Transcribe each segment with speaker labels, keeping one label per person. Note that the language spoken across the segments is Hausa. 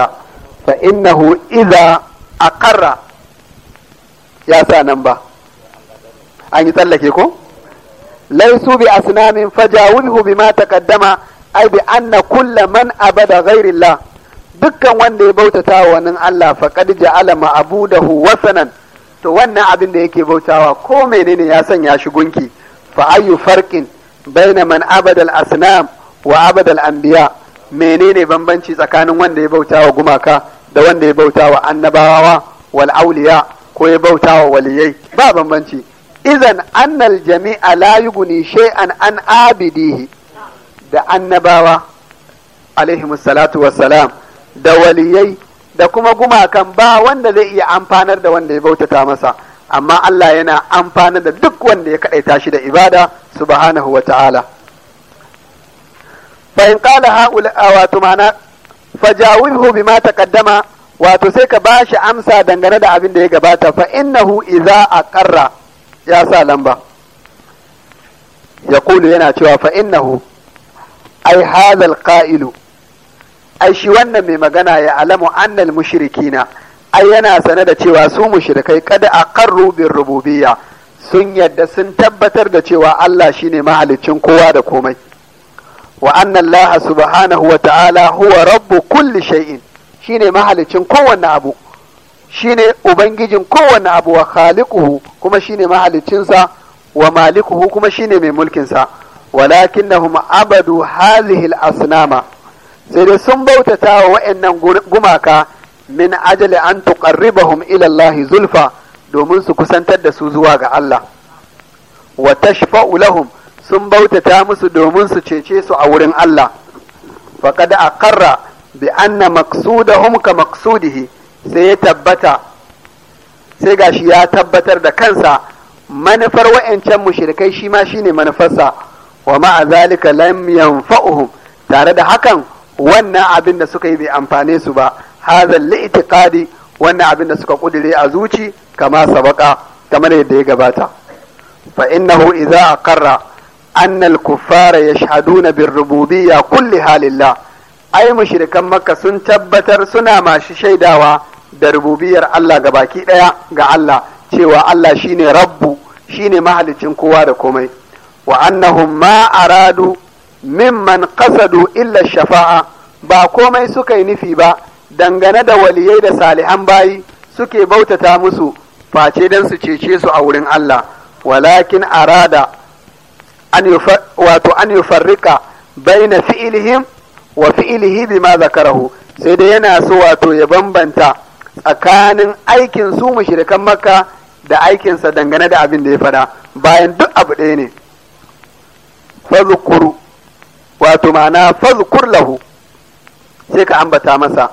Speaker 1: ita fa innahu idza aqarra ya sa nan ba an yi tsallake ko laisu bi asnamin fajawilhu bima taqaddama ai bi anna kulla man abada ghairillah dukkan wanda ya bautata wa nan Allah faqad ja'ala ma'budahu wasanan to wannan abin da yake bautawa ko menene ya sanya shi gunki fa ayu farqin baina man abada al-asnam wa abada al-anbiya menene bambanci tsakanin wanda ya bauta wa gumaka da wanda ya bauta wa annabawa wal auliya ko ya bauta wa waliyai ba bambanci idan annal jami'a la yuguni shay'an an abidihi da annabawa alaihi salatu wassalam da waliyai da kuma gumakan ba wanda zai iya amfanar da wanda ya bautata masa amma Allah yana amfanar da duk wanda ya kadaita shi da ibada subhanahu wa ta'ala fa in qala haula wato ma'ana fajawizhu bima taqaddama wato sai ka ba shi amsa dangane da abin da ya gabata fa innahu idza aqarra ya sa lamba Yakulu yana cewa fa innahu ai hadal qa'ilu ai shi wannan mai magana ya alamu annal mushrikina ai yana sane da cewa su mushrikai kada aqarru bir rububiyya sun yadda sun tabbatar da cewa Allah shine mahaliccin kowa da komai wa anna Allah subhanahu wa ta'ala huwa rabbu kulli shay'in shine mahalicin kowanne abu shine ubangijin kowanne abu wa khaliquhu kuma shine mahalicinsa wa malikuhu kuma shine mai mulkinsa walakinnahum abadu hadhihi al-asnama sai dai sun bautata wa wayannan gumaka min ajali an tuqarribahum ila Allah zulfa domin su kusantar da su zuwa ga Allah wa tashfa'u lahum sun bautata musu domin su cece su a wurin Allah faqad aqarra bi anna maqsudahum ka maqsudihi sai ya tabbata sai gashi ya tabbatar da kansa manufar wa'ancan mushrikai shi ma shine manufarsa wa ma'a zalika lam yanfa'uhum tare da hakan wannan abin da suka yi bai amfane su ba hazal li'tiqadi wannan abin da suka kudire a zuci kama sabaka kamar yadda ya gabata fa innahu idza aqarra أن الكفار يشهدون بالربوبية كلها لله Ai mushirikan maka sun tabbatar suna ما shaidawa da rububiyar Allah ga baki ɗaya ga Allah cewa Allah shine rabbu shine mahalicin kowa da komai wa annahum ma aradu mimman kasadu, illa shafa'a ba komai suka yi nufi ba dangane da waliyai da salihan bayi suke bautata musu face dan su cece su a wurin Allah walakin arada wato an yufarrika na fi'ilihim wa fi'ilihi ma zakarahu sai dai yana so wato ya bambanta tsakanin aikin su mushrikan makka da aikinsa dangane da abin da ya fada bayan duk abu ɗaya ne fazukuru wato ma'ana fazukur lahu sai ka ambata masa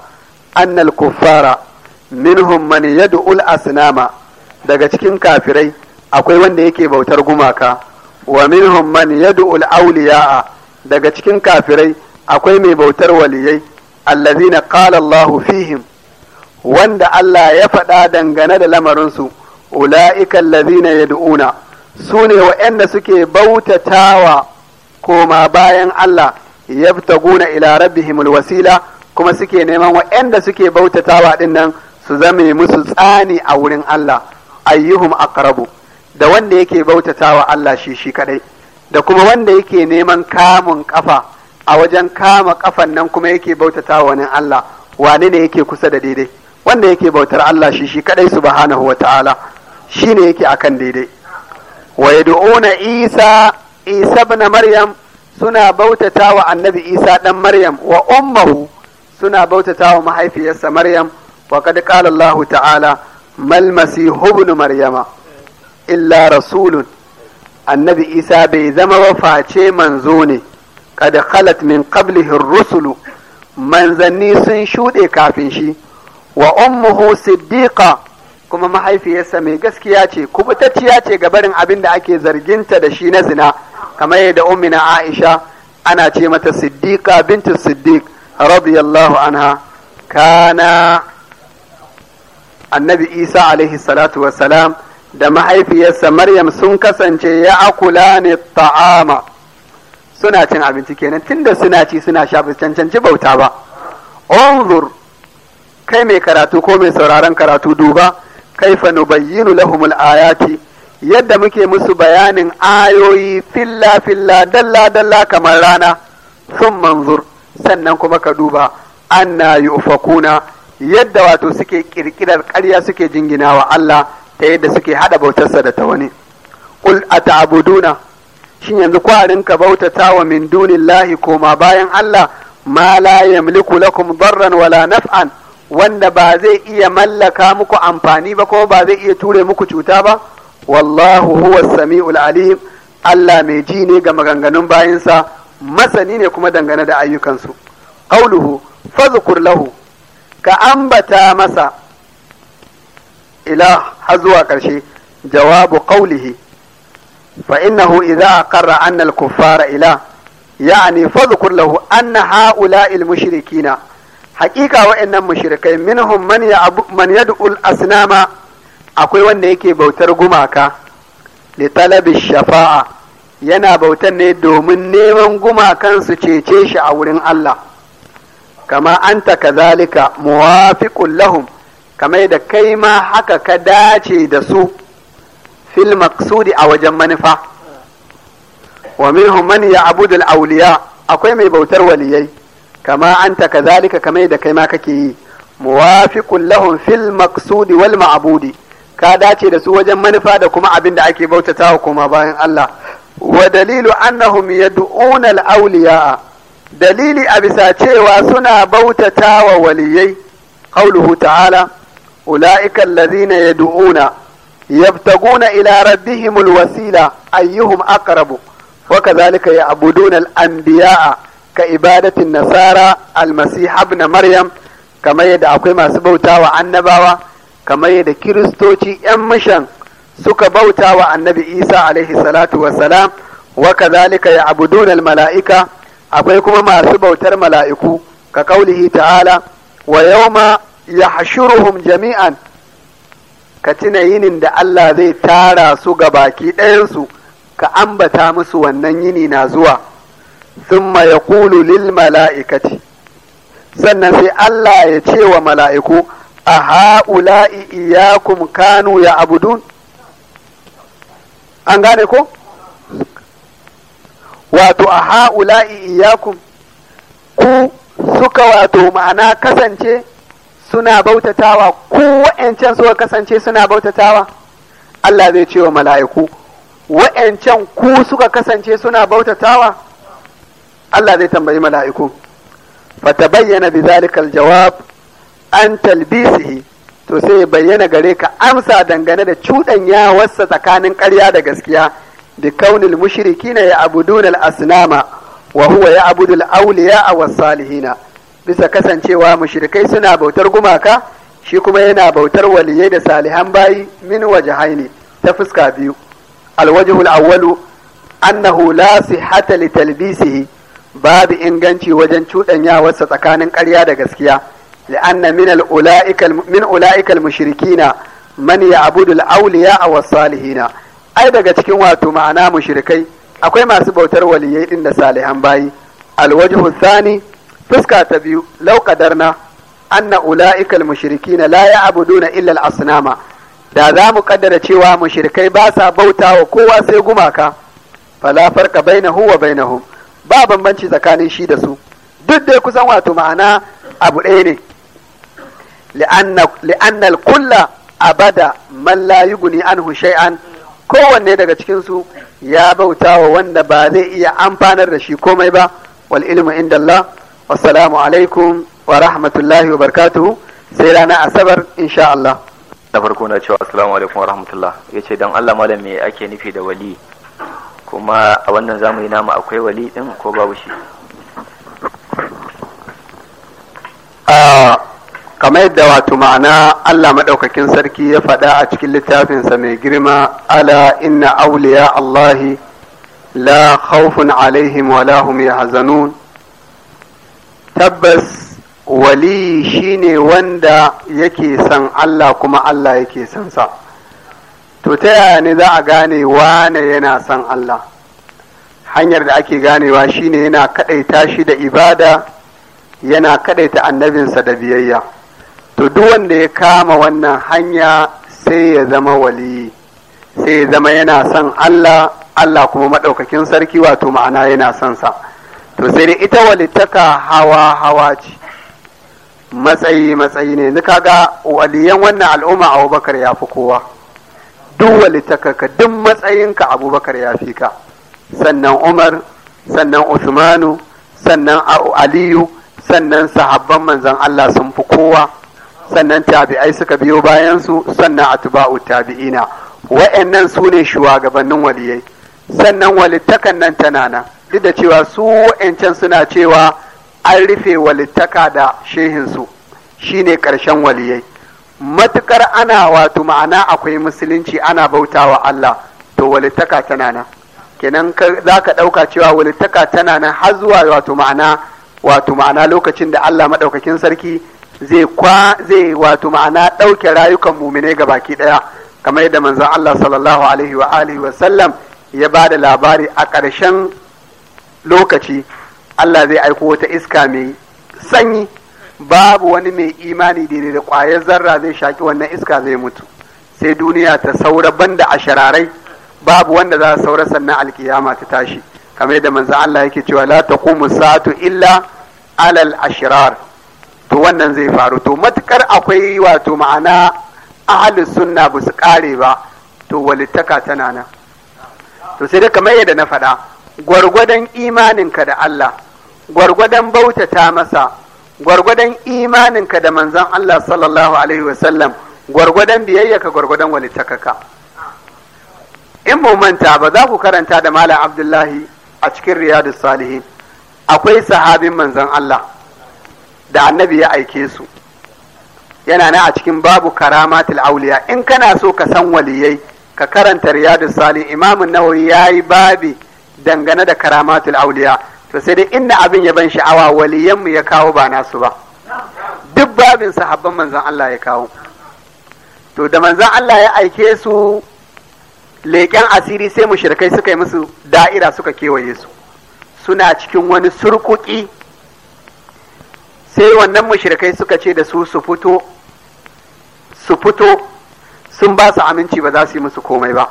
Speaker 1: annal kuffara minhum man yad'ul asnama daga cikin kafirai akwai wanda yake bautar gumaka wa minhum man yad'u al-awliya'a daga cikin kafirai akwai mai bautar waliyai allazina qala Allahu fihim wanda Allah ya faɗa dangane da lamarin lamarinsu ula'ika allazina yad'una su ne waɗanda suke bautatawa koma bayan Allah yabtaguna ila rabbihimul wasila kuma suke neman waɗanda suke bautatawa dinnan su zame musu tsani a wurin Allah ayyuhum aqrabu da wanda yake bautata wa Allah shi shi kadai da kuma wanda yake neman kamun kafa a wajen kama kafan nan kuma yake bautata wa wani Allah wane ne yake kusa da daidai wanda yake bautar Allah shi shi kadai subhanahu wataala shine yake akan daidai wa yad'una Isa Isa ibn Maryam suna bautata wa annabi Isa dan Maryam wa ummuhu suna bautata wa mahaifiyarsa Maryam wa kad qala Allah ta'ala mal masihu ibn Maryama illa rasulun annabi isa bai zama ba face manzo ne kada khalat min qablihi rusulu manzanni sun shuɗe kafin shi wa ummuhu siddiqa kuma mahaifiyarsa mai gaskiya ce kubutacciya ce ga barin abin da ake zarginta da shi na zina kamar yadda ummina aisha ana ce mata siddiqa bintu siddiq radiyallahu anha kana annabi isa alaihi salatu wassalam salam da mahaifiyarsa Maryam sun kasance ya akula ne ta'ama suna cin abinci kenan tunda suna ci suna sha cancanci bauta ba onzur kai mai karatu ko mai sauraron karatu duba kaifa nubayyinu lahumul ayati yadda muke musu bayanin ayoyi filla filla dalla dalla kamar rana sun manzur sannan kuma ka duba anna yufakuna yadda wato suke ƙirƙirar ƙarya suke jinginawa Allah ta yadda suke haɗa bautarsa da ta wani a tabuduna shin yanzu kwarin ka bautata wa min dunillahi koma bayan Allah ma la yamliku lakum darran wala naf'an wanda ba zai iya mallaka muku amfani ba ko ba zai iya ture muku cuta ba wallahu huwa samiul alim Allah mai ji ne ga maganganun bayansa masani ne kuma dangane da ayyukansu qauluhu fazkur lahu ka ambata masa ila har zuwa ƙarshe jawabu ƙaulihi fa innahu idza aqarra annal al-kuffara ila ya'ni fadhkur lahu anna ha'ula'i al-mushrikina haqiqa wa'annan mushrikai minhum man ya'bu man yad'u al-asnama akwai wanda yake bautar gumaka li talabi shafa'a yana bautar ne domin neman gumakan su cece shi a wurin Allah kama anta kazalika muwafiqun lahum kamar da kai ma haka ka dace da su fil maqsudi a wajen manufa wa minhum man ya'budu al-awliya akwai mai bautar waliyai kama anta kazalika kamar da kai ma kake yi muwafiqun lahum fil maqsudi wal ma'budi ka dace da su wajen manufa da kuma abin da ake bautatawa kuma bayan Allah wa dalilu annahum yad'una al-awliya dalili a bisa cewa suna bautatawa waliyai qauluhu ta'ala أولئك الذين يدعون يبتغون إلى ربهم الوسيلة أيهم أقرب وكذلك يعبدون الأنبياء كإبادة النصارى المسيح ابن مريم كما يدعى كما سبوتا وعنباوا كما يدعى كريستوتي يمشن suka bauta wa annabi isa alaihi salatu wassalam wa kadhalika ya'buduna al-mala'ika akwai kuma masu bautar mala'iku ka kaulihi ta'ala wa yawma ya jami'an ka tuna yinin da Allah zai tara su ga baki ɗayansu ka ambata musu wannan yini na zuwa thumma yaqulu lil mala'ikati sannan sai Allah ya ce wa mala'iku a ha'ula'i iyakum kanu ya abudun an gane ko wato a ha'ula'i iyakum ku suka wato ma'ana kasance suna bautatawa ko wa'ancan suka kasance suna bautatawa Allah zai ce wa mala'iku wa’yancan ku suka kasance suna bautatawa Allah zai tambayi mala'iku bayyana bi zalikal jawab an talbisihi to sai bayyana gare ka amsa dangane da cuɗanya wasa tsakanin ƙarya da gaskiya bi kaunil mushrikina ya abudunal asnama wa huwa ya abudul a wasu salihina bisa kasancewa mushrikai suna bautar gumaka shi kuma yana bautar waliyai da salihan bayi min waje haini ta fuska biyu alwajhu alawwalu annahu la sihhata li talbisihi babu inganci wajen cuɗanyawarsa tsakanin ƙarya da gaskiya min من أولئك من أولئك المشركين من يعبد الأولياء salihina. Ai daga cikin wato ma'ana mushrikai akwai masu bautar waliyai din da salihan bayi alwajhu thani fuska ta biyu laukadarna anna ula'ikal na la ya'buduna illa al-asnama da za mu kaddara cewa mushrikai ba sa bautawa kowa sai gumaka fala huwa bainahu wa bainahum ba bambanci tsakanin shi da su duk dai kusan wato ma'ana abu ɗaya ne li'annal kulla abada man la yuguni anhu shay'an kowanne daga cikin su ya bautawa wanda ba zai iya amfanar da shi komai ba wal ilmu inda Allah assalamu alaikum wa rahmatullahi wa barkatu
Speaker 2: sai rana asabar insha Allah na farko na cewa assalamu alaikum wa rahmatullah ya ce don Allah malam me ake nufi da wali kuma a wannan zamani namu akwai wali din ko babu shi ah,
Speaker 1: kamar yadda wato ma'ana Allah maɗaukakin sarki ya faɗa a cikin littafinsa mai girma ala inna auliya Allahi la khawfun alaihim wa lahum yahzanun tabbas wali shine wanda yake son Allah kuma Allah yake son sa to ta yaya ne za a gane wane yana son Allah hanyar da ake ganewa shine yana kadaita shi da ibada yana kadaita annabinsa da biyayya to duk wanda ya kama wannan hanya sai ya zama wali sai ya zama yana son Allah Allah kuma maɗaukakin sarki wato ma'ana yana son sa to sai dai ita walittaka hawa hawa ce matsayi matsayi ne ni ga waliyan wannan al'umma abubakar ya fi kowa duk walittaka ka duk matsayinka abubakar ya fi ka sannan umar sannan usmanu sannan aliyu sannan sahabban manzan allah sun fi kowa sannan tabi'ai suka biyo bayansu sannan Atuba'u tabi'ina wa'annan su ne shugabannin waliyai sannan walittakan nan tana nan duk da cewa su wa'ancan suna cewa an rufe walittaka da shehinsu shine ƙarshen waliyai matukar ana wato ma'ana akwai musulunci ana bautawa Allah to walittaka tana nan kenan za ka ɗauka cewa walittaka tana nan har zuwa wato ma'ana wato ma'ana lokacin da Allah maɗaukakin sarki zai kwa zai wato ma'ana ɗauke rayukan muminai ga baki ɗaya kamar yadda manzon Allah sallallahu alaihi wa alihi wa sallam ya ba da labari a ƙarshen lokaci Allah zai aiko wata iska mai sanyi babu wani mai imani daidai da kwayar zarra zai shaki wannan iska zai mutu sai duniya ta saura banda a shararai babu wanda za a saura sannan alkiyama ta tashi kamar yadda manzo Allah yake cewa la taqumu sa'atu illa alal ashrar to wannan zai faru to matukar akwai wato ma'ana ahli sunna ba su kare ba to walittaka tana nan to sai da kamar yadda na faɗa gwargwadon imaninka da Allah gwargwadon bautata masa gwargwadon imaninka da manzan Allah sallallahu alaihi wasallam gwargwadon biyayyaka gwargwadon walittakaka in mu manta ba za ku karanta da malam abdullahi a cikin riyadu salihin akwai sahabin manzan Allah da annabi ya aike su yana na a cikin babu karamatul auliya in kana so ka san waliyai ka karanta riyadu salihin imamun nawawi yi babi dangane da karamatul auliya to sai dai inda abin ya ban sha'awa waliyanmu ya kawo ba nasu ba duk babin sahabban manzon Allah ya kawo to da manzon Allah ya aike su leƙen asiri sai mushrikai suka yi musu da'ira suka kewaye su suna cikin wani surkuki sai wannan mushrikai suka ce da su su fito su fito sun ba su aminci ba za su yi musu komai ba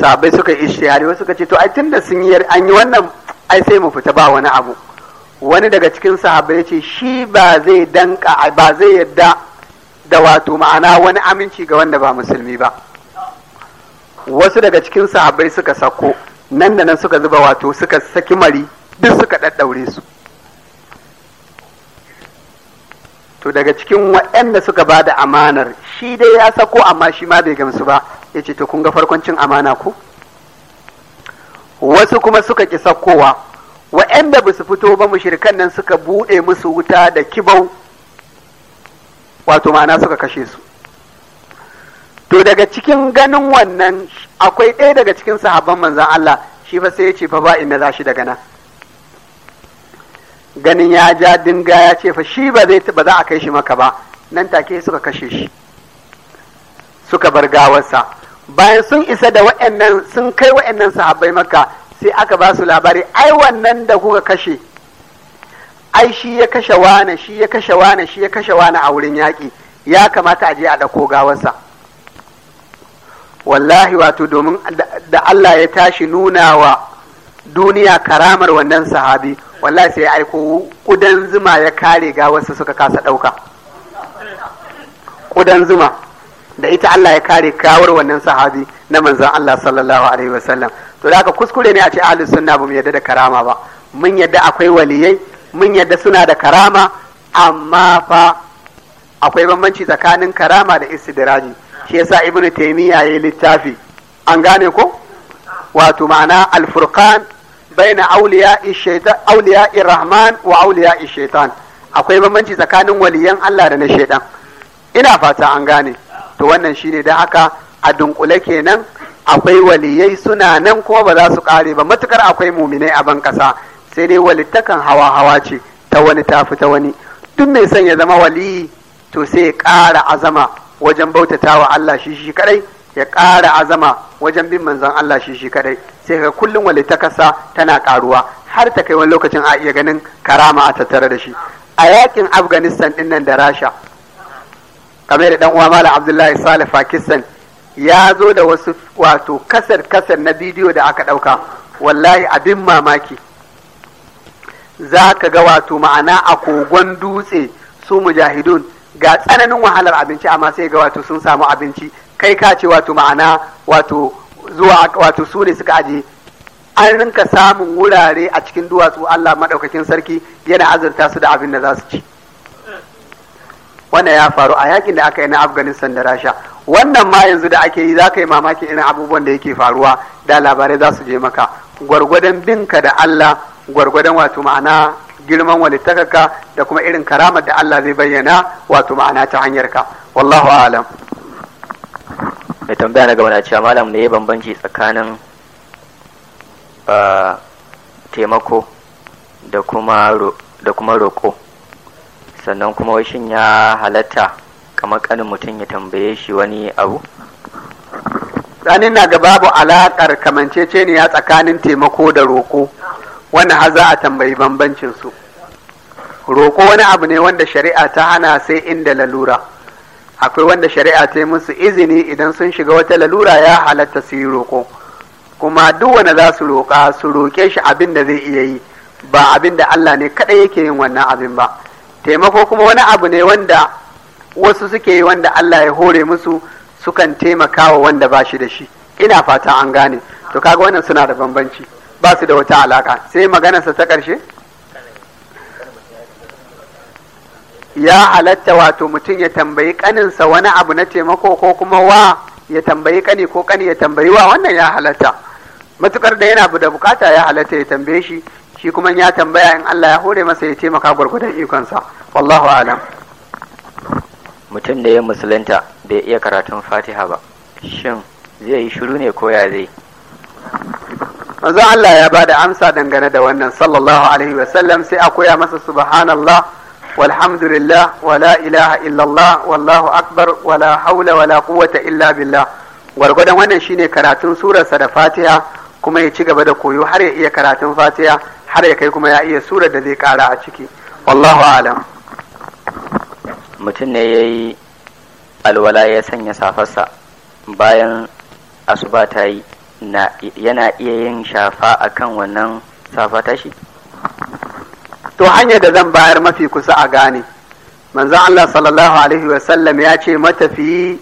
Speaker 1: sabai suka ishihari wasu suka ce to ai tunda sun yi an yi wannan ai sai mu fita ba wani abu wani daga cikin sahabai ya ce shi ba zai danka ba zai yadda da wato ma'ana wani aminci ga wanda ba musulmi ba wasu daga cikin sahabai suka sako nan da nan suka zuba wato suka saki mari duk suka ɗaɗɗaure su to daga cikin waɗanda suka ba da amanar shi dai ya sako amma shi ma bai gamsu ba ya ce to kun ga farkon cin amana ku? wasu kuma suka ƙi sakkowa wa'anda ba su fito ba mushirkan nan suka buɗe musu wuta da kibau wato ma'ana suka kashe su to daga cikin ganin wannan akwai ɗaya daga cikin sahabban manzan Allah shi fa sai ya ce fa ba inda za shi daga nan ganin ya ja dinga ya ce fa shi ba zai ba za a kai shi maka ba nan take suka kashe shi suka bar gawarsa bayan sun isa da wa'annan sun kai wa'annan sahabbai maka sai aka ba su labari ai wannan da kuka kashe ai shi ya kashe wane shi ya kashe wane shi ya kashe wane a wurin yaƙi ya kamata a je a ɗauko gawarsa wallahi wato domin da Allah ya tashi nuna wa duniya karamar wannan sahabi wallahi sai ya aiko kudan zuma ya kare gawarsa suka kasa ɗauka kudan zuma da ita Allah ya kare kawar wannan sahabi na manzon Allah sallallahu alaihi wasallam to da aka kuskure ne a ce ahlus sunna ba mu yadda da karama ba mun yadda akwai waliyai mun yadda suna da karama amma fa akwai bambanci tsakanin karama da istidraji shi yasa ibnu taymiya yayi littafi an gane ko wato ma'ana al-furqan baina awliya'i shaytan rahman wa awliya'i shaytan akwai bambanci tsakanin waliyan Allah da na shaytan ina fata an gane to wannan shine da haka a dunkule kenan akwai waliyai suna nan kuma ba za su kare ba matukar akwai muminai a ban sai dai walittakan hawa hawa ce ta wani tafi ta wani duk mai son ya zama waliyi to sai ya ƙara azama wajen bautata wa Allah shi shi kadai ya ƙara azama wajen bin manzon Allah shi shi kadai sai ga kullum walittakarsa tana karuwa har ta kai wani lokacin a iya ganin karama a tattare da shi a yakin afghanistan din nan da rasha kamar da dan uwa malam abdullahi salih pakistan ya zo da wasu wato kasar kasar na bidiyo da aka ɗauka wallahi abin mamaki za ka ga wato ma'ana a kogon dutse su mujahidun ga tsananin wahalar abinci amma sai ga wato sun samu abinci kai ka ce wato ma'ana wato zuwa wato su ne suka aje an rinka samun wurare a cikin duwatsu Allah maɗaukakin sarki yana azurta su da abin da za su ci wannan ya faru a yakin da aka yi na afghanistan da rasha wannan ma yanzu da ake yi za ka yi mamaki irin abubuwan da yake faruwa da labarai za su je maka gwargwadon binka da allah gwargwadon wato ma'ana girman walittakaka da kuma irin karamar da allah
Speaker 2: zai bayyana wato ma'ana ta hanyar ka wallahu alam mai tambaya na gabana cewa malam ne ya bambanci tsakanin ah, taimako da kuma roko. sannan kuma wai shin ya halatta kamar kanin mutum ya tambaye shi wani abu tsanin
Speaker 1: na ga babu alaƙar ya tsakanin taimako da roko wannan har za a tambayi bambancin su roƙo wani abu ne wanda shari'a ta hana sai inda lalura akwai wanda shari'a ta yi musu izini idan sun shiga wata lalura ya halatta su yi roƙo kuma duk wanda za su roƙa su roƙe shi abin da zai iya yi ba abin da Allah ne kaɗai yake yin wannan abin ba taimako kuma wani abu ne wanda wasu suke yi wanda Allah ya hore musu sukan taimaka wa wanda ba shi da shi ina fata an gane to kaga wannan suna da bambanci ba su da wata alaka sai maganarsa ta ƙarshe ya halatta wato mutum ya tambayi kaninsa wani abu na taimako ko kuma wa ya tambayi kani ko kani ya tambayi wa wannan ya halatta matukar da yana da bukata ya halatta ya tambaye shi shi kuma ya tambaya in Allah ya hore masa ya taimaka gwargwadon ikonsa wallahu alam
Speaker 2: mutum da ya musulunta bai iya karatun fatiha ba shin zai yi shiru ne ko ya zai manzo Allah ya bada amsa
Speaker 1: dangane da wannan sallallahu alaihi wa sallam sai a koya masa subhanallah walhamdulillah wala ilaha illallah wallahu akbar wala haula wala quwwata illa billah gwargwadon wannan shine karatun surarsa da fatiha kuma ya ci gaba da koyo har ya iya karatun fatiha har ya kai kuma ya iya sura da zai kara a ciki wallahu alam
Speaker 2: mutum ne ya yi alwala ya sanya safarsa bayan asuba ta yi yana iya yin shafa a kan wannan safa tashi to hanyar da zan bayar mafi kusa a gane
Speaker 1: manzo Allah sallallahu alaihi Sallam ya ce matafi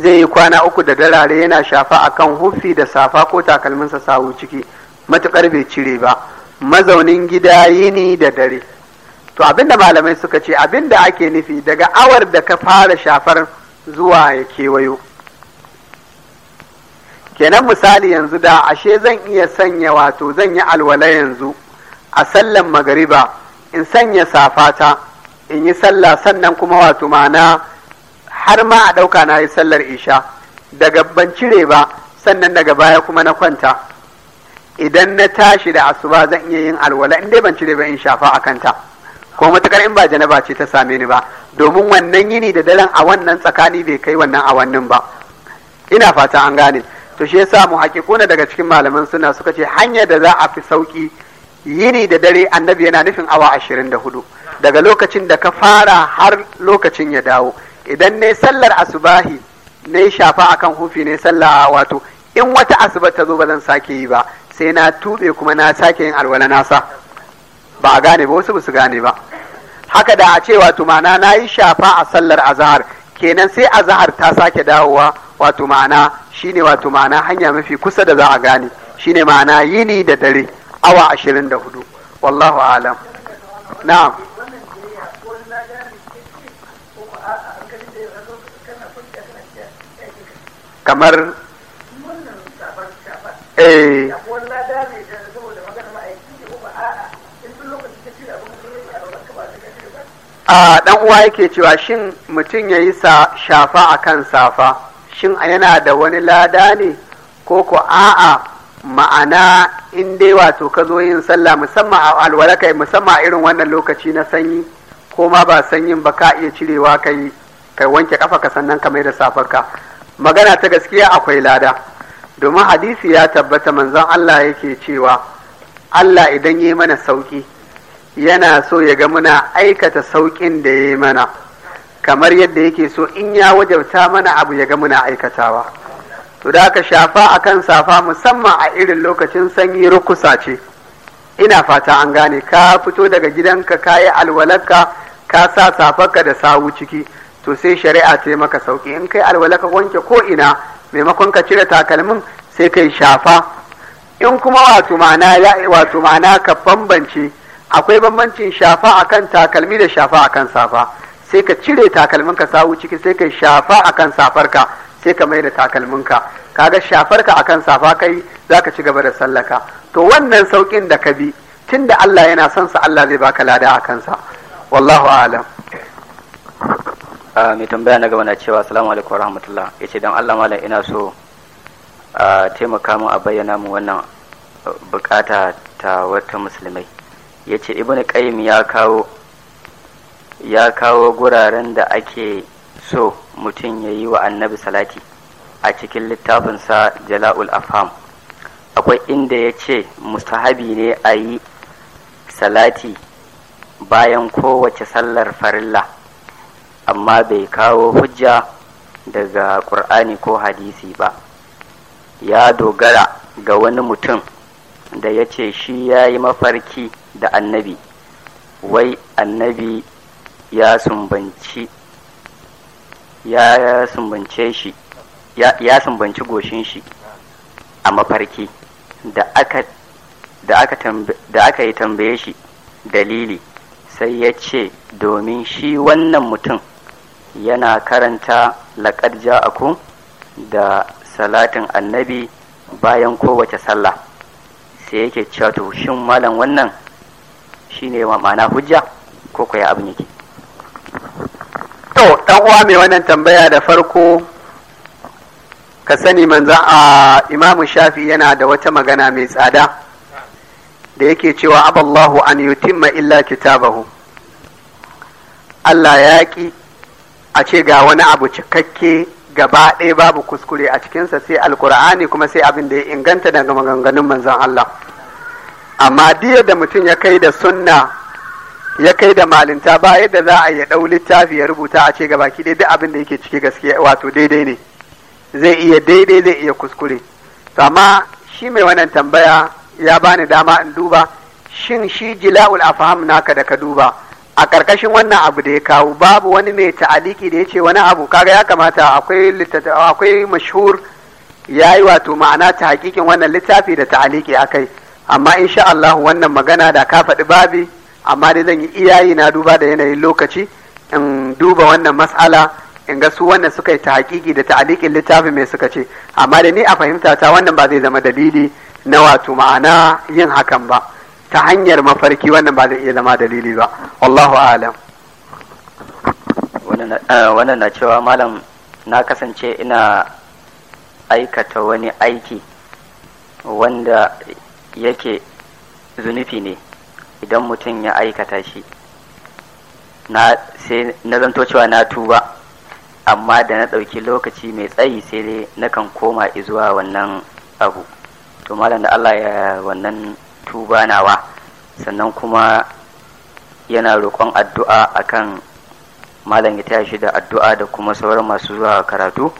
Speaker 1: zai yi kwana uku da darare yana shafa akan hufi da safa ko takalminsa sawu ciki matukar bai cire ba mazaunin gida yini da dare to abinda malamai suka ce abin da ake nufi daga awar da ka fara shafar zuwa ya kewayo kenan misali yanzu da ashe zan iya sanya wato zan yi alwala yanzu a sallan magariba in sanya safata in yi sallah sannan kuma wato mana har ma a ɗauka na yi sallar isha daga ban cire ba sannan daga baya kuma na kwanta idan na tashi da asuba zan iya yin alwala in dai ban cire ba in shafa a kanta ko matukar in ba janaba ce ta same ni ba domin wannan yini da daren a wannan tsakani bai kai wannan awannin ba ina fata an gane to shi yasa mu hakikuna daga cikin malaman suna suka ce hanyar da za a fi sauki yini da dare annabi yana nufin awa ashirin da hudu daga lokacin da ka fara har lokacin ya dawo idan ne sallar asubahi ne shafa akan hufi ne sallah wato in wata asuba ta zo ba zan sake yi ba sai na tube kuma na sake yin alwala nasa ba a gane ba wasu ba su gane ba haka da a ce wato ma'ana na yi shafa a sallar azahar kenan sai azahar ta sake dawowa wato ma'ana shine wato ma'ana hanya mafi kusa da za a gane shine ma'ana yini da dare awa ashirin da hudu wallahu alam na'am kamar Eh. a dan uwa yake cewa shin mutum ya yi shafa a kan safa shin yana da wani lada ne ko ko a'a ma'ana in dai wato ka zo yin sallah musamman a alwalakai musamman a irin wannan lokaci na sanyi ko ma ba sanyin ba ka iya cirewa kai kai wanke kafa ka sannan ka mai da safarka magana ta gaskiya akwai lada domin hadisi ya tabbata manzon Allah yake cewa Allah idan yi mana sauki yana so ya ga muna aikata sauƙin da ya mana kamar yadda yake so in ya wajabta mana abu ya ga muna aikatawa to da aka shafa kan safa musamman a irin lokacin sanyi rukusa ce ina fata an gane ka fito daga gidanka ka yi alwalaka ka sa safarka da sawu ciki to sai shari'a ta maka sauƙi in kai alwalarka wanke ko ina maimakon ka cire takalmin sai kai shafa in kuma wato ma'ana ya wato ma'ana ka bambance akwai bambancin shafa akan takalmi da shafa akan safa sai ka cire takalmin ka sawu ciki sai kai shafa akan safarka sai ka mai da takalmin ka kaga shafarka akan safa kai zaka ci gaba da sallaka to wannan saukin da ka
Speaker 2: bi tunda Allah yana son sa Allah zai baka lada akan sa wallahu a'lam Ah, mai tambaya na gaba na cewa salamu alaikum wa rahmatullah ya ce don allah malam ina so a taimaka min a bayyana mu wannan uh, bukata ta wata musulmai ya ce ibn qayyim ya kawo ya kawo guraren da ake so mutum ya yi wa annabi salati a cikin littafinsa jala'ul afham akwai inda ya ce mustahabi ne a yi salati bayan kowace sallar farilla amma bai kawo hujja daga ƙur'ani ko hadisi ba ya dogara ga wani mutum da ya ce shi ya yi mafarki da annabi wai annabi ya sumbanci ya sumbance shi ya sumbanci goshin shi a mafarki da aka da aka yi tambaye shi dalili sai ya ce domin shi wannan mutum yana karanta laƙar ja'aku da salatin annabi bayan kowace sallah sai yake cewa to shin malam wannan shine ma'ana hujja ko kuwa abin yake to dan uwa mai wannan tambaya da farko ka sani
Speaker 1: manzan a imamu shafi yana da wata magana mai tsada da yake cewa aballahu an yutimma illa kitabahu Allah ya ki a ce ga wani abu cikakke gaba ɗaya babu kuskure a cikinsa sai alkur'ani kuma sai abin da ya inganta daga maganganun manzon Allah amma diyar da mutum ya kai da sunna ya kai da malinta ba yadda za a ya ɗau littafi ya rubuta a ce gaba ki duk abin da yake ciki gaskiya wato daidai ne zai iya daidai zai iya kuskure to amma shi mai wannan tambaya ya bani dama in duba shin shi jila'ul afham naka da ka duba a ƙarƙashin wannan abu da ya kawo babu wani mai ta'aliki da ya ce wani abu kaga ya kamata akwai mashhur ya yi wato ma'ana ta hakikin wannan littafi da ta'aliki a kai amma insha Allah wannan magana da ka faɗi babi amma dai zan yi iyayi na duba da yanayin lokaci in duba wannan mas'ala in ga su wannan suka yi ta hakiki da ta'alikin littafin mai suka ce amma da ni a fahimta ta wannan ba zai zama dalili na wato ma'ana yin hakan ba
Speaker 2: ta hanyar mafarki wannan ba zai iya zama dalili ba wallahu alam eh, wannan na cewa malam na kasance ina aikata wani aiki wanda yake zunufi ne idan mutum ya aikata shi na sai na zanto cewa na tuba amma da na ɗauki lokaci mai tsayi sai dai nakan koma izuwa wannan abu to malam da Allah ya wannan tuba nawa sannan kuma yana roƙon addu'a akan malam ya tashi da addu'a da kuma sauran masu zuwa karatu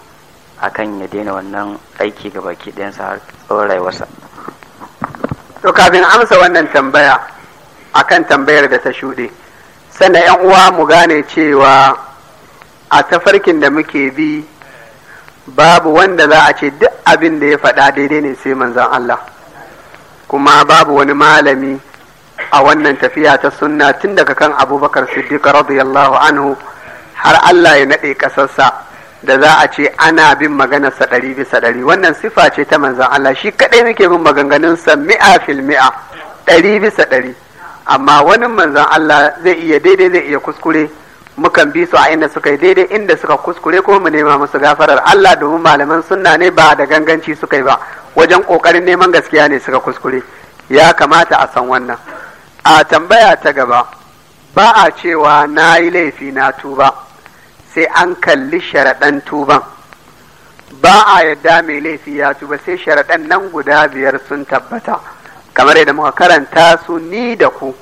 Speaker 2: akan ya daina wannan aiki ga baki ɗayansa har tsawon rayuwarsa
Speaker 1: to kafin amsa wannan tambaya akan tambayar da ta shuɗe sannan yan uwa mu gane cewa a tafarkin da muke bi babu wanda za a ce duk abin da ya faɗa daidai ne sai manzon Allah kuma babu wani malami a wannan tafiya ta sunna tun daga kan abubakar siddiq radiyallahu anhu har Allah ya naɗe ƙasarsa da za a ce ana bin maganarsa ɗari bisa ɗari wannan sifa ce ta manzan Allah shi kaɗai muke bin maganganunsa mi'a fil mi'a ɗari bisa ɗari amma wani manzan Allah zai iya daidai zai iya kuskure mukan bi su a inda suka yi daidai inda suka kuskure ko mu nema musu gafarar Allah domin malaman sunna ne ba da ganganci suka yi ba wajen ƙoƙarin neman gaskiya ne suka kuskure ya kamata a san wannan a tambaya ta gaba ba a cewa na yi laifi na tuba sai an kalli sharaɗan tuban ba a yadda mai laifi ya tuba sai sharaɗan nan guda biyar sun tabbata kamar yadda muka karanta su ni da ku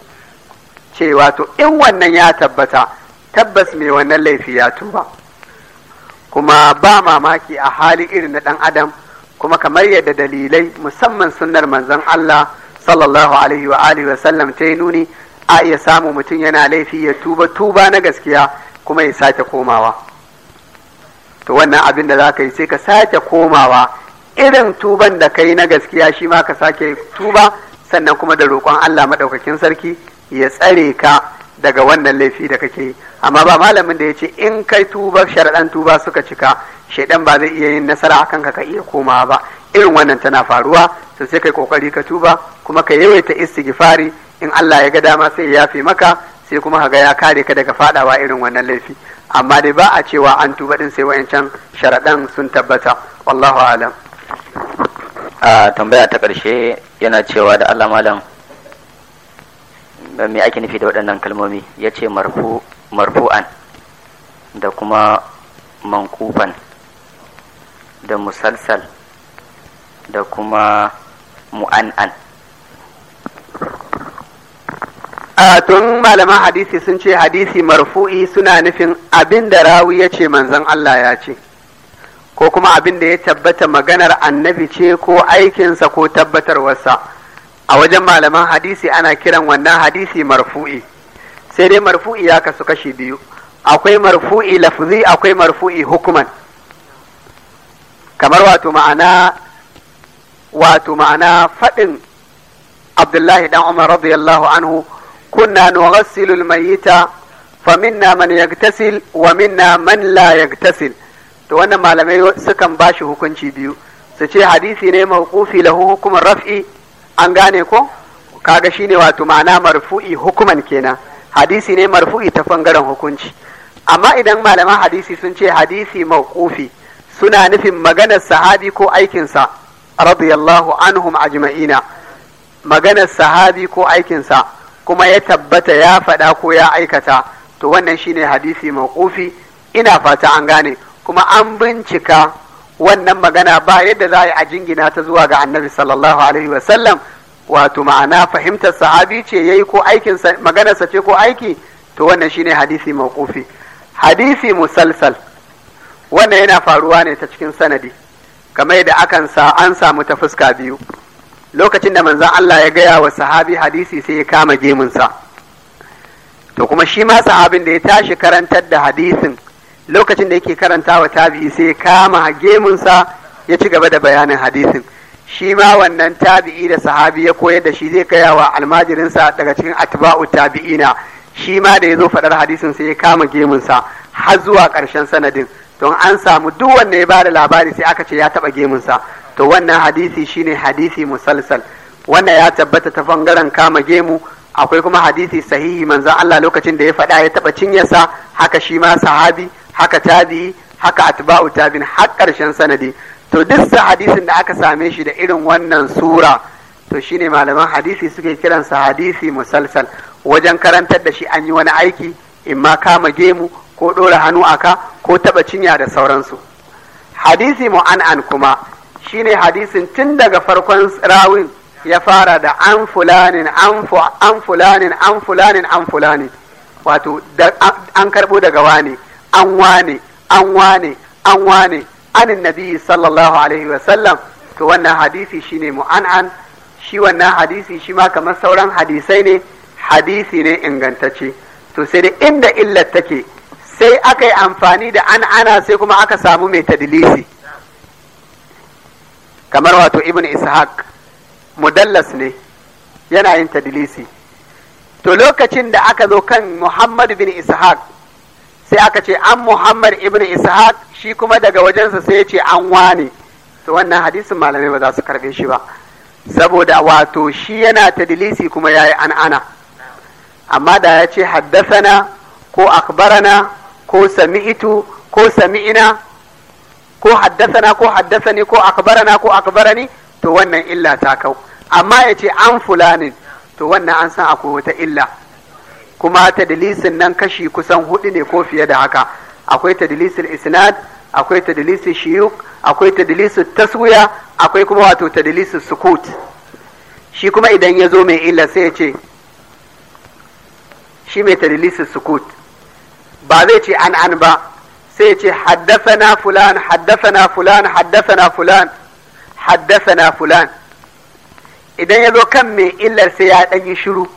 Speaker 1: cewa to in wannan ya tabbata tabbas mai wannan laifi ya tuba kuma ba mamaki a hali irin na ɗan adam kuma kamar yadda dalilai musamman sunnar manzon Allah sallallahu alaihi wa alihi wa sallam ta yi nuni a iya samu mutum yana laifi ya tuba tuba na gaskiya kuma ya sake komawa to wannan abin da za ka yi sai ka sake komawa irin tuban da ka yi na gaskiya shi ma ka sake tuba sannan kuma da roƙon Allah maɗaukakin sarki ya tsare ka daga wannan laifi da kake yi amma ba malamin da ya ce in kai tuba sharaɗan tuba suka cika shaidan ba zai iya yin nasara akan ka ka iya komawa ba irin wannan tana faruwa to sai kai kokari ka tuba kuma ka yawaita istighfari in Allah ya ga dama sai ya yafe maka sai kuma kaga ya kare ka daga fadawa irin wannan laifi amma dai ba a cewa an tuba din sai wayancan sharaɗan sun tabbata wallahu alam
Speaker 2: a tambaya ta ƙarshe yana cewa da Allah malam Eh, me ake nufi da waɗannan kalmomi ya ce marfu'an da kuma mankufan da musalsal da kuma mu'an'an
Speaker 1: a tun malaman hadisi sun ce hadisi marfu'i suna nufin abin da rawi ya ce manzon Allah ya ce ko kuma abin da ya tabbata maganar annabi ce ko aikinsa ko tabbatar tabbatarwarsa a wajen malaman hadisi ana kiran wannan hadisi marfu'i sai dai marfu'i ya kasu kashi biyu akwai marfu'i lafzi akwai marfu'i hukuman kamar wato ma'ana wato ma'ana faɗin abdullahi dan umar radiyallahu anhu kunna nughassilu mayyita fa minna man yagtasil wa minna man la yagtasil to wannan malamai sukan bashi hukunci biyu su ce hadisi ne mawqufi lahu hukumar raf'i an gane ko kaga shine wato ma'ana marfu'i hukuman kenan hadisi ne marfu'i ta bangaren hukunci amma idan malaman hadisi sun ce hadisi mawqufi suna nufin maganar sahabi ko aikinsa radiyallahu anhum ajma'ina maganar sahabi ko aikinsa kuma ya tabbata ya faɗa ko ya aikata to wannan shine hadisi mawqufi ina fata an gane kuma an bincika wannan magana ba yadda za a yi a jingina ta zuwa ga annabi sallallahu alaihi wasallam wato ma'ana fahimtar sahabi ce yayi ko aikin maganarsa ce ko aiki to wannan shine hadisi mawqufi hadisi musalsal wannan yana faruwa ne ta cikin sanadi kamar yadda akan sa an samu ta fuska biyu lokacin da manzon Allah ya gaya wa sahabi hadisi sai ya kama gemunsa to kuma shi ma sahabin da ya tashi karantar da hadisin lokacin da yake karanta wa tabi'i sai kama gemunsa ya ci gaba da bayanin hadisin shi ma wannan tabi'i da sahabi ya koyar da shi zai kaya wa almajirinsa daga cikin atba'u tabi'ina shi ma da ya zo faɗar hadisin sai ya kama gemunsa har zuwa ƙarshen sanadin don an samu duk wanda ya bada labari sai aka ce ya taɓa gemunsa to wannan hadisi shine hadisi musalsal wannan ya tabbata ta bangaren kama gemu akwai kuma hadisi sahihi manzon Allah lokacin da ya faɗa ya taɓa cinyarsa haka shi ma sahabi haka tabi haka atba'u tabin har karshen sanadi to duk sa hadisin da aka same shi da irin wannan sura to shine malaman hadisi suke kiransa hadisi musalsal wajen karantar da shi an yi wani aiki in ma kama gemu ko ɗora hannu aka ko taɓa cinya da sauransu hadisi mu'an'an kuma shine hadisin tun daga farkon rawin ya fara da an fulanin an fulanin an fulanin an fulanin wato an karɓo daga wani an wane an wane an wane anin nabi sallallahu alaihi wasallam to wannan hadisi shine mu'an'an shi wannan hadisi shi ma kamar sauran hadisai ne hadisi ne ingantacce to sai da inda illar take sai aka yi amfani da an ana sai kuma aka samu mai tadilisi kamar wato ibn ishaq mudallas ne yana yin tadilisi to lokacin da aka zo kan muhammad bin ishaq sai aka ce an Muhammad ibn Ishaq shi kuma daga wajensa sai ya ce an wane to wannan hadisin malamai ba za su karbe shi ba saboda wato shi yana tadilisi kuma yayi an ana amma da ya ce haddasana ko akbarana ko sami'itu ko sami'ina ko haddasana ko haddasani ko akbarana ko akbarani to wannan illa ta kau amma ya ce an fulanin to wannan an san akwai wata illa kuma tadlisin nan kashi kusan hudu ne ko fiye da haka akwai tadlisul isnad akwai tadlisul shiyuk akwai tadlisul taswiya akwai kuma wato tadlisul sukut shi kuma idan ya zo mai illa sai ya ce shi mai tadlisul sukut ba zai ce an an ba sai ya ce haddasana fulan haddasana fulan haddasana fulan haddasana fulan idan ya zo kan mai illar sai ya ɗanyi shiru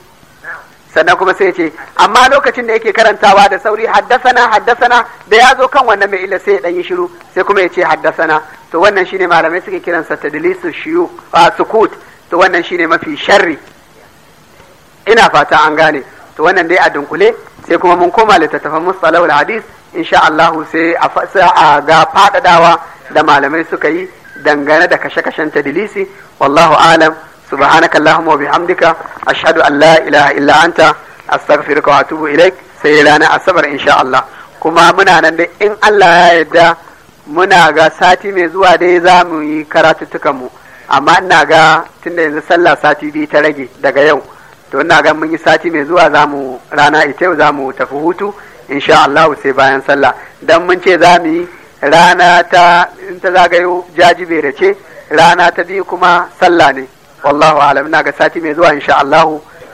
Speaker 1: sannan kuma sai ce amma lokacin da yake karantawa da sauri haddasana haddasana da ya zo kan wannan mai ila sai ya yi shiru sai kuma ya ce haddasana to wannan shine malamai suke kiransa tadlisu shiyu a sukut to wannan shine mafi sharri ina fata an gane to wannan dai a dunkule sai kuma mun koma littattafan mustalahul hadis insha Allah sai a ga fadadawa da malamai suka yi dangane da kashe-kashen tadlisi wallahu alam subhanaka allahumma wa bihamdika ashhadu an la ilaha illa anta astaghfiruka wa sai ranar asabar insha kuma muna nan da in Allah ya yarda muna ga sati mai zuwa dai za mu yi karatuttukan mu amma ina ga tunda yanzu sallah sati biyu ta rage daga yau to ina ga mun yi sati mai zuwa za mu rana ita yau za mu tafi hutu insha'Allah, Allah sai bayan sallah dan mun ce za mu yi rana ta in ta zagayo jajibere ce rana ta biyu kuma sallah ne wallahu alam ga sati mai zuwa insha Allah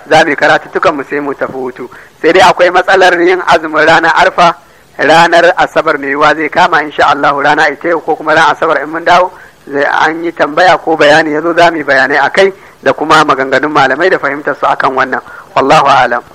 Speaker 1: za mu karatu tukan mu sai mu tafi hutu sai dai akwai matsalar yin azumin ranar arfa ranar asabar mai yiwa zai kama insha Allah rana ita yau ko kuma ran asabar in mun dawo zai an yi tambaya ko bayani yazo za mu yi bayanai akai da kuma maganganun malamai da fahimtar su akan wannan wallahu alam